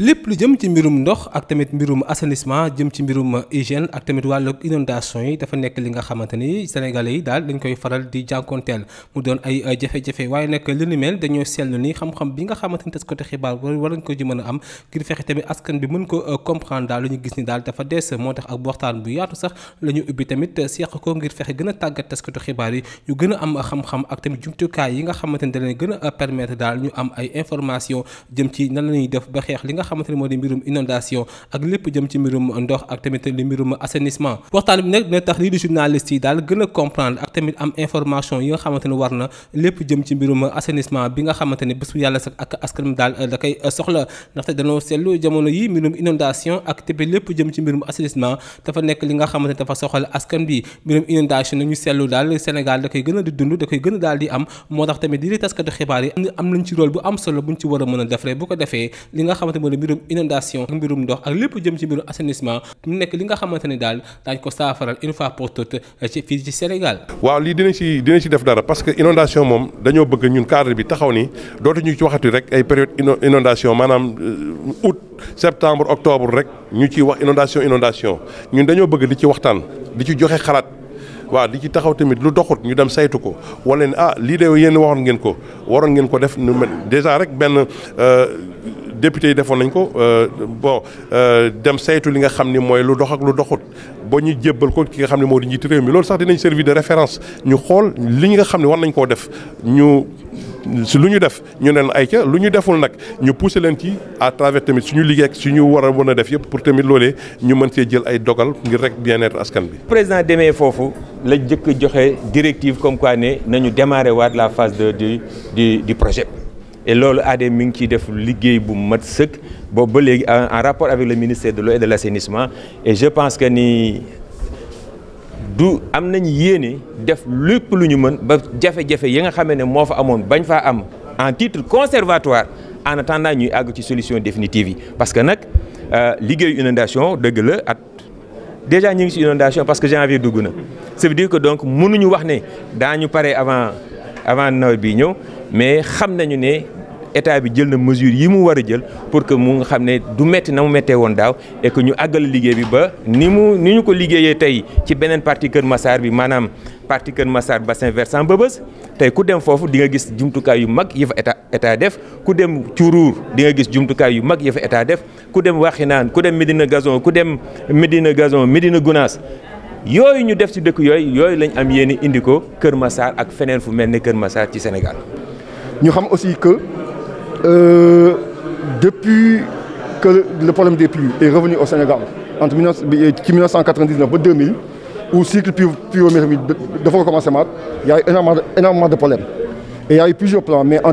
lépp lu jëm ci mbirum ndox ak tamit mbirum assainissement jëm ci mbirum hygiène ak tamit wàllu inondation yi dafa nekk li nga xamante ni sénégalais yi daal dañ koy faral di jànkonteel mu doon ay jafe-jafe waaye nag li ni mel dañoo seetlu ni xam-xam bi nga xamante ni tas côté xibaar war nañ ko ci mën a am ngir fexe tamit askan bi mën ko euh, comprendre daal lu ñu gis ni daal dafa des moo tax ak waxtaan bu yaatu sax la ñu ubbi tamit seeq ko ngir fexe gën a tàggat tas côté xibaar yi ñu gën a am xam ak tamit jumtukaay yi nga xamante ni da gën a permettre daal ñu am ay information jëm ci nan la ñuy def ba xeex li nga xamante ni moo di mbirum inondation ak lépp jëm ci mbirum ndox ak tamit li mbirum assainissement waxtaan bi nag dina tax lii a comprendre ak tamit am information yi nga xamante ni war na lépp jëm ci mbirum assainissement bi nga xamante bés bu yàlla sax ak askan daal da koy soxla ndaxte danoo seetlu jamono yi mbirum inondation ak tamit lépp jëm ci mbirum assainissement dafa nekk li nga xamante ni dafa soxal askan bi mbirum inondation nañu seetlu daal Sénégal da koy gën a di dund da koy gën daal di am moo tax tamit mbirum inondation ak mbirum ndox ak lépp jëm ci mbirum assainissement mu nekk li nga xamante ne daal daañ ko saafaral une fois pour toutes euh, ci Sénégal waaw lii dinañ si dinañ ci def dara parce que inondation moom dañoo bëgg ñun cadre bi taxaw ni dootu ñu ci waxatu rek ay période inondation maanaam euh, août septembre octobre rek ñu ci wax inondation inondation ñun dañoo bëgg di ci waxtaan di ci joxe xalaat waaw di ci taxaw tamit lu doxut ñu dem saytu ko wala ne ah lii de yéen waxoon ngeen ko waroon ngeen ko def nu mel déjà rek benn euh, député yi defoon nañ ko euh, bon euh, dem saytu li nga xam ni mooy lu dox ak lu doxut ba ñu jébbal ko ki nga xam ne moo di njiitu réew mi loolu sax dinañ servir de référence ñu xool li nga xam ne war nañ koo def ñu si lu ñu def ñu ne ay ca lu ñu deful nag ñu pousser leen ci à travers tamit suñu liggéey ak suñu war a mën a def yëpp pour tamit loolee ñu mën see jël ay dogal ngir rek bien-être askan bi. président demee foofu la jëkk joxe directive comme quoi nañu démarrer waat la phase de du du projet. et loolu ADM mi ngi ciy def liggéey bu mat sëkk boobu ba léegi en rapport avec le ministère de l'eau et de l'assainissement et je pense que ni du am nañu yéene def lépp lu ñu mën ba jafe-jafe yi nga xamee ne moo fa amoon bañ faa am en titre conservatoire en attendant ñuy àgg ci solution définitive yi parce que nag euh, liggéeyu inondation dëgg la at déjà ñu ngi ci inondation parce que janvier dugg na ça veut dire que donc mënuñu wax ne daa ñu pare avant avant nawet bi ñëw mais xam nañu ne état bi jël na mesure yi mu war a jël pour que mu nga xam ne du metti na mu méttee woon daaw et ñu àggal liggéey bi ba ni mu ni ñu ko liggéeyee tey ci beneen parti Kër Massar bi maanaam parti Kër Massar bassin versant Mbeubeuss tey ku dem foofu di nga gis jumtukaay yu mag yi fa état état def ku dem Curuur di nga gis jumtukaay yu mag yi fa état def ku dem naan ku dem Médina gason ku dem Médina Gazon Médina Gounass yooyu ñu def ci dëkk yooyu yooyu lañ am yéen indi ko Kër Massar ak feneen fu mel ne Kër Massar ci Sénégal. ñu xam aussi que euh, depuis que le problème des pluies est revenu au Sénégal entre ci ba 2000 où cycle pluviométrique bi dafa maat y' a eu énormément de énormément et y' plusieurs plans mais en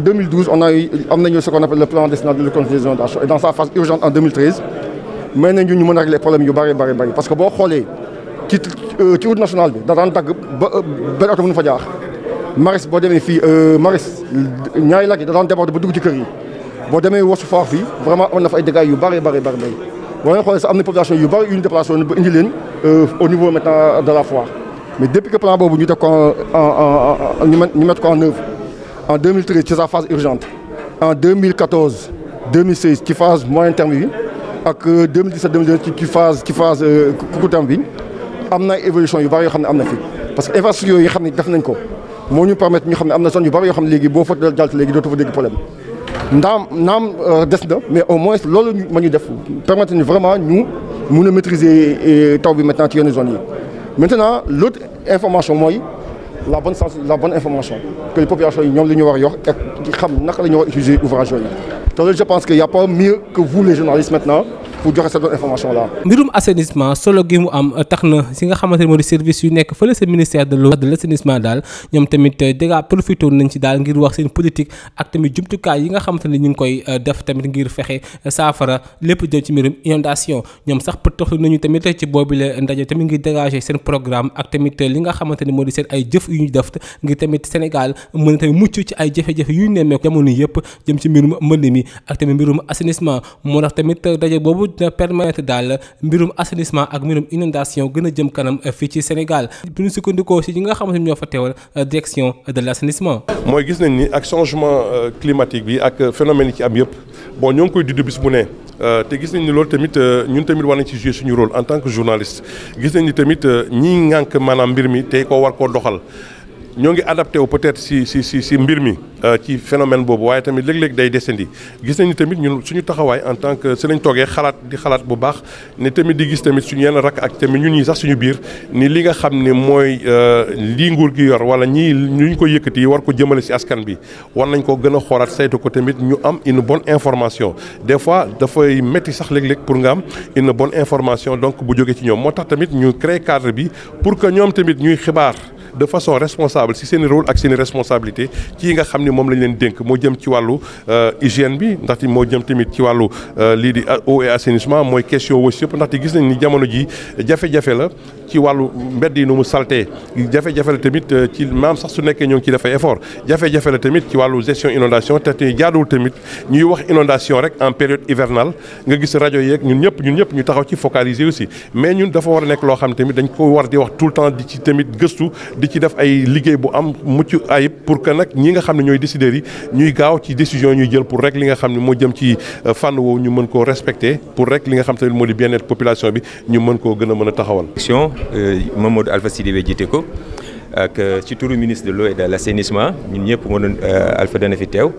on a am nañu ce qu'on appelle le plan décennal de lutte contre les et dans sa phase urgente en 2013 may nañu ñu mën a régler problèmes yu bëri bëri bëri que boo xoolee. ci euh, ci route nationale bi da daan dagg ba euh, benn oto mënu fa jaax maris boo demee fii euh, maris ñaari laaj yi da daan déborder ba dugg ci kër yi boo demee wasu faax fi vraiment am na fa ay yu bari bari bari bari boo leen xoolee am na population yu bari yu ñu déplacé woon ba indi leen au niveau maintenant de la fois mais depuis que plan boobu ñu def ko en ñu met ko en œuvre en 2013 ci sa phase urgente en 2014 2016 ci phase moyen terme bi ak 2017 2018 ci phase ci phase court bi am na évolution yu bari yoo xam ne am na fi parce que infrastructure yi xam ne def nañ ko moo ñu permettre ñu xam ne am na zone yu bari yoo xam ne léegi boo fa jàll léegi dootoo fa dégg problème ndaam naam euh, des na mais au moins loolu ma ñu def permettre ñu vraiment ñu mun a maîtriser euh, taw bi maintenant ci yenn zone yi maintenant l'autre information mooy la bonne sens la bonne information que les populations yi ñoom la war a xam naka la war a a pas mieux que pour joxe cette information là. mbirum assainissement solo gi mu am tax na si nga xamante moo di service yu nekk fële sa ministère de l'eau de l'assainissement daal ñoom tamit euh, dégg profité nañ ci daal ngir wax seen politique ak tamit jumtukaay yi nga xamante ne ñu ngi koy euh, def tamit ngir fexe euh, saafara lépp jëm ci mbirum inondation ñoom sax peut taxlu nañu tamit ci boobile ndaje tamit ngir dégager seen programme ak tamit li nga xamante moo di seen ay jëf yu ñu def ngir tamit Sénégal ci ay jafe-jafe yu ñu nemmeeku jamono yëpp jëm ci na permettre daal mbirum assainissement ak mbirum inondation gën a jëm kanam fii ci Sénégal bu nu sukkandikoo si ñi nga xamante ni ñoo fa teewal direction de l' mooy gis nañ ni ak changement euh, climatique bi ak phénomène yi ci am yëpp bon ñoo ngi koy dudd bis bu ne euh, te gis nañ ni loolu tamit euh, ñun tamit war nañ ci jouer suñu rôle en tant que journaliste gis nañ ni tamit ñi ngànk maanaam mbir mi tey ko war koo doxal. ñoo ngi adapté wu peut-être si si si si mbir mi euh, ci phénomène boobu waaye tamit léeg-léeg day desandi gis nañu tamit ñun suñu taxawaay en tant que si lañ toogee xalaat di xalaat bu baax ne tamit di gis tamit suñu yenn rakk ak tamit ñun ñi sax suñu biir ni li nga xam ne mooy euh, lii nguur gi yor wala ñii ñu ko yëkkati war ko jëmale si askan bi war nañ ko gën a xoolaat saytu ko tamit ñu am une bonne information des fois dafay métti sax léeg-léeg pour nga am une bonne information donc bu jógee ci ñoom moo tax tamit ñu créé cadre bi pour que ñoom tamit ñuy xibaar de façon responsable si seeni i rôle ak seen i responsabilité ci yi nga xam ni moom lañ leen dénk moo jëm ci wàllu euh, hygiène bi ndaxte moo jëm tamit ci wàllu euh, lii di eau et assainissement mooy question wasi yëpp ndaxte gis nañ ni jamono ji jafe la ci wàllu mbedd yi nu mu salté jafe-jafe tamit euh, ci maam sax su nekkee ñoo ngi ci dafay effort jafe-jafe tamit ci wàllu gestion inondation te te tamit ñuy wax inondation rek en période hivernale nga gis rajo yeeg ñun ñëpp ñun ñëpp ñu taxaw ci focaliser aussi mais ñun dafa war a nekk loo xam tamit dañ ko war di wax tout le temps di ci tamit gëstu di ci def ay liggéey bu am mucc ayib pour que nag ñi nga xam ne ñooy décideurs yi ñuy gaaw ci décision ñuy jël pour rek li nga xam ne moo jëm ci euh, fànn woowu ñu mën koo respecter pour rek li nga xam tamit moo di bien-être bi ñu mën koo gën a mën a taxawal. action euh, Mamadou Alpha Sidibé jiite ko ak euh, ci turu ministre de l'eau et de ñun ñëpp moo doon Alpha dana fi teew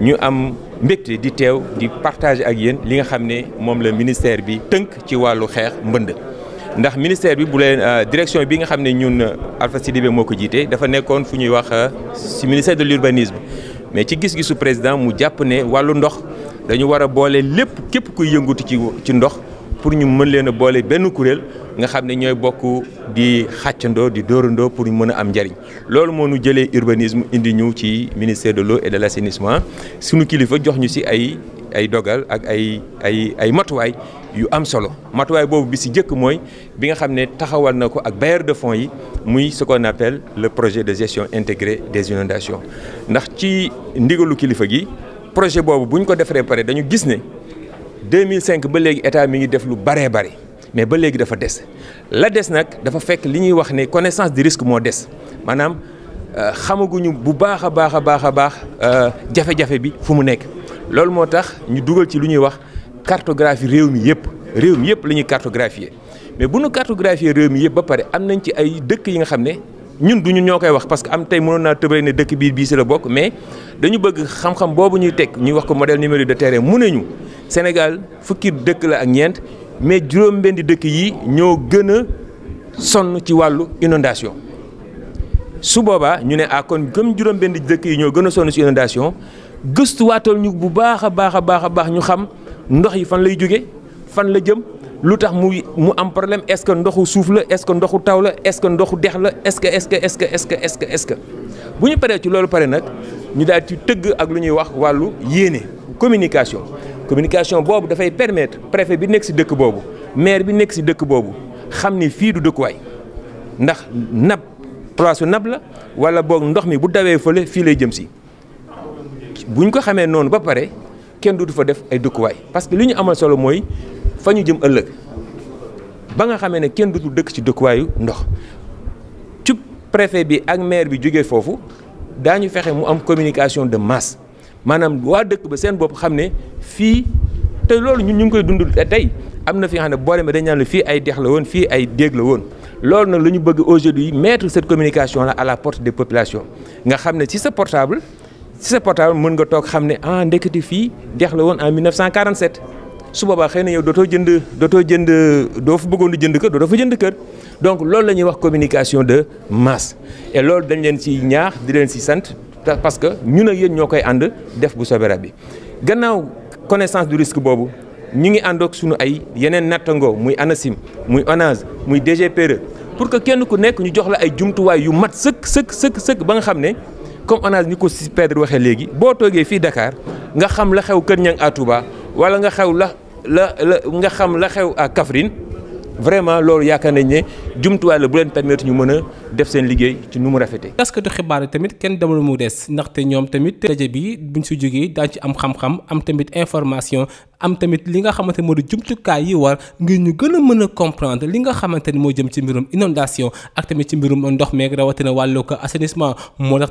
ñu am mbégte di teew di ak yéen li nga xam ne moom la ministère bi tënk ci wàllu xeex mbënd. ndax ministère bi bu leen euh, direction bi nga xam ne ñun euh, Alpha Sidibé moo ko jiite dafa nekkoon fu ñuy wax euh, ci ministère de l'urbanisme mais ci gis-gisu président mu jàpp ne wàllu ndox dañu war a boole lépp képp kuy yëngutu ci ci ndox pour ñu mën leen a boole benn kuréel nga xam ne ñooy bokk di xàccandoo di dóorandoo pour ñu mën a am njariñ loolu moo nu jëlee urbanisme indi ñu ci ministère de l'eau et de l'assainissement suñu kilifa jox ñu ci ay ay dogal ak ay ay ay matuwaay yu am solo matuwaay boobu bi si jëkk mooy bi nga xam ne taxawal na ko ak bailleur de fonds yi muy ce qu'on appelle le projet de gestion intégrée des inondations ndax ci ndigalu kilifa gi projet boobu bu ñu ko defaree pare dañu gis ne 2005 ba léegi état mi ngi def lu baree bare mais ba léegi dafa des la des nag dafa fekk li ñuy wax ne connaissance du risque moo des maanaam euh, xamaguñu bu baax a baax a baax a baax euh, jafe-jafe bi fu mu nekk loolu moo tax ñu dugal ci lu cartographie réew mi yëpp réew mi yëpp la ñuy cartographier mais bu ñu cartographier réew mi yëpp ba pare am nañ ci ay dëkk yi nga xam ne ñun du ñun ñoo koy wax parce que am tey mënoon naa tëbale ne dëkk bii bii si la bokk mais dañu bëgg xam-xam boobu ñuy teg ñuy wax ko modèle numérique de tere mu ne ñu Sénégal fukki dëkk la ak ñeent mais juróom-benni dëkk yi ñoo gën a sonn ci wàllu inondation su boobaa ñu ne ah kon comme juróom-benni dëkk yi ñoo gën a sonn ci inondation gëstuwaatal ñu bu baax a baax a baax a baax ñu xam. ndox yi fan lay jóge fan la jëm lu tax muy mu am problème est-ce que ndoxu suuf la est-ce ndoxu taw la est-ce ndoxu dex la est-ce que est-ce que est-ce que est bu ñu paree ci loolu pare nag ñu daal ci tëgg ak lu ñuy wax wàllu yéene communication communication boobu dafay permettre préfet bi nekk ci dëkk boobu maire bi nekk ci dëkk boobu xam ni fii du dëkkuwaay ndax nab place su nab la walla boog ndox mi bu dawee fële fii lay jëm si buñ ko xamee noonu ba pare. kenn du fa def ay dëkkuwaay parce que li ñu amal solo mooy fa ñu jëm ëllëg ba nga xamee ne kenn dutul dëkk ci dëkkuwaayu ndox ci préfet bi ak maire bi jógee foofu daa daañu fexe mu am communication de masse maanaam waa dëkk ba seen bopp xam ne fii te loolu ñun ñu ngi koy dund tey am na fi nga xam ne boo demee dañ naan la fii ay dex la woon fii ay déeg la woon loolu nag lu ñu bëgg aujourd'hui mettre cette communication la à la porte des population nga xam ne ci sa portable si sa portable mën nga toog xam ne ah ndekete fii dex la woon en 1947 su boobaa xëy na yow dootoo jënd dootoo jënd doo fa bëggoon jënd kër dootoo jënd kër donc loolu la ñuy wax communication de masse et loolu dañ leen ci ñaax di leen ci sant parce que ñun ak yéen ñoo koy ànd def bu soobee Rab bi gannaaw connaissance du risque boobu ñu ngi àndook suñu ay yeneen nattangoo muy ANACIM muy ONAS muy DGPRE pour que kenn ku nekk ñu jox la ay jumtuwaay yu mat sëkk sëkk sëkk sëkk ba nga xam ne. comme ONAS ni ko si Pedre waxee léegi boo toogee fii Dakar nga xam la xew Kër Niang à Touba wala nga xew la la la nga xam la xew ak Kaffrine vraiment loolu yaakaar nañ ne jumtuwaay la bu leen permettre ñu mën a def seen liggéey ci nu mu rafetee. taskatu xibaar yi tamit kenn demul mu des ndaxte ñoom tamit daje bi buñ si jógee daa ci am xam-xam am tamit information. am tamit li nga xamante moo di a mën a comprendre li nga xamante ni moo jëm ci mbirum inondation ak tamit ci mbirum ndox meeg rawatina wàllu ko assainissement moo tax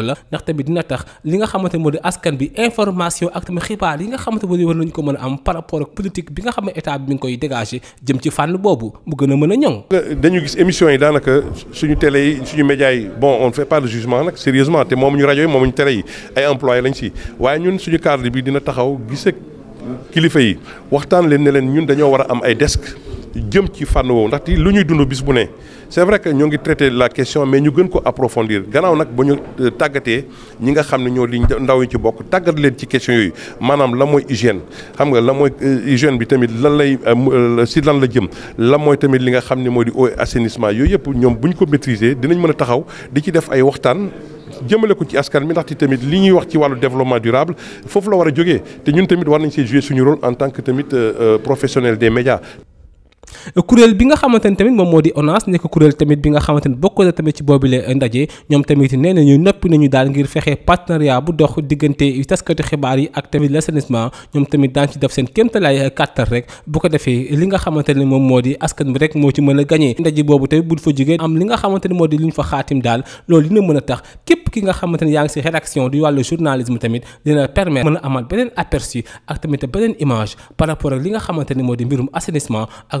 la ndax tamit dina tax li nga xamante moo di askan bi information ak tamit xibaar yi nga xamante moo di war nañu ko mën a am par rapport ak politique bi nga xam ne état bi mi koy dégager jëm ci fànn boobu mu gën a mën a ñoŋ. dañu gis émission yi daanaka suñu télé yi suñu média yi bon on fait pas de jugement nag sérieusement te moom ñu rajo yi moom ñu télé yi ay employé lañ si waaye ñun suñu cadre bi dina tax taxaw gis kilifa yi waxtaan leen ne leen ñun dañoo war a am ay desk jëm ci fànn woowu ndaxte lu ñuy dund bis bu ne c'est vrai que ñoo ngi traité la question mais ñu gën ko approfondir gannaaw nag ba ñu euh, tàggatee ñi nga xam ne ñoo di ndaw yi ci bokk tàggat leen ci question yooyu maanaam la mooy hygiène xam nga la mooy euh, hygiène bi tamit lan lay euh, si lan la jëm la mooy tamit li nga xam ne moo di eau assainissement yooyu yëpp ñoom bu ñu ko maîtriser dinañ mën a taxaw di ci def ay waxtaan jëmale ko ci askan mi ndaxte tamit li ñuy wax ci wàllu développement durable foofu la war a jógee te ñun tamit war nañ see jouer suñu rôle en tant que tamit euh, euh, professionnel des médias kuréel bi nga xamante ni tamit moom moo di ONAS nekk kuréel tamit bi nga xamante ni bokk na tamit ci boobile ndaje ñoom tamit nee na ñu noppi nañu daal ngir fexe partenariat bu dox diggante taskati xibaar yi ak tamit l'assainissement ñoom tamit daan ci def seen kéemtalaay kàttal rek bu ko defee li nga xamante ni moom moo di askan bi rek moo ci mën a gañee ndaje boobu tamit bu fa jógee am li nga xamante ni moo di lu ñu fa xaatim daal loolu dina mën a tax ki nga xamante ni yaa ngi si rédaction du wàllu journalisme tamit dina permettre a amal beneen aperçu beneen image par rapport li nga xamante ni moo di mbirum assainissement ak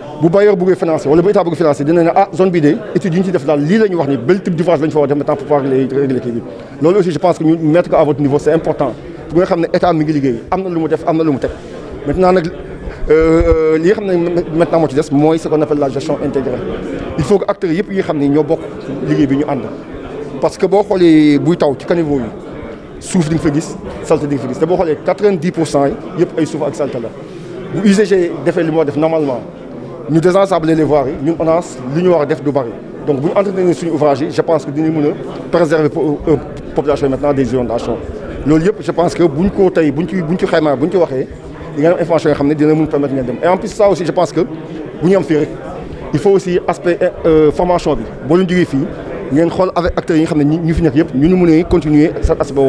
bu bailleur bëggee financé wala bu état bëgg financé dina ne ah zone bii de étude yi ñu ci def daal lii la ñu wax ni bel type d'ouvrage la fa war def maintenant pour pouvoir régler kii loolu aussi je pense que ñu ko à niveau c'est important pour nga xam ne état mi liggéey am na lu mu def teg maintenant nag euh, euh, li xam ne maintenant moo ci des mooy ce qu'on appelle la gestion intégrée il faut que acteurs yëpp yi xam ne ñoo bokk liggéey bi ñu ànd parce que boo xoolee buy taw ci caniveau yi suuf di nga fa gis salte di nga xoolee quatre vingt pour cent yëpp ay suuf ak salte la bu UCG defee li moo def ñu désensabler les voiries yi ñun ONAS li ñu war a def du bari donc bu ñu entretenir suñu ouvrage je pense que dinañ mën a préserver euh, population yi maintenant des inondations loolu yëpp je pense que buñ ko tey buñ ci buñ ci xaymaa buñ ci waxee di nga ne dina mun permettre ngeen dem et en plus ça aussi je pense que bu ñu am fii rek il faut aussi aspect euh, euh, formation bi boo leen jógee fii ngeen xool avec acteurs yi xam ne ñu fi nekk yëpp ñu ñu mën a continuer cet aspect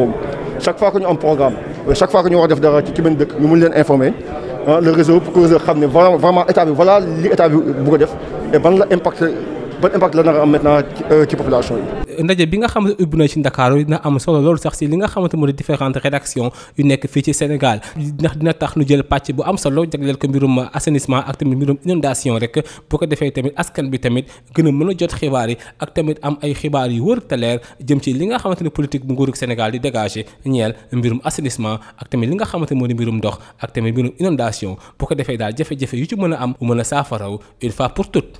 le réseau pour que xam ne vraiment état bi voilà li état bi bëgg a def et ban la impact ba impact la a am maintenant euh, ci population yi. ndaje bi nga xam ne ubbi na ci Ndakaaru dina am solo loolu sax si li nga xamante moo di différentes rédactions yu nekk fii ci Sénégal ndax dina tax nu jël pàcc bu am solo jagleel ko mbirum assainissement ak tamit mbirum inondation rek boo ko defee tamit askan bi tamit gën a mën a jot xibaar yi ak tamit am ay xibaar yu wër te jëm ci li nga xamante ne politique bu nguurug Sénégal di dégager ñeel mbirum assainissement ak tamit li nga xamante moo di mbirum ndox ak tamit mbirum inondation bu ko defee daal jafe yu ci mën a am bu mën a pour toutes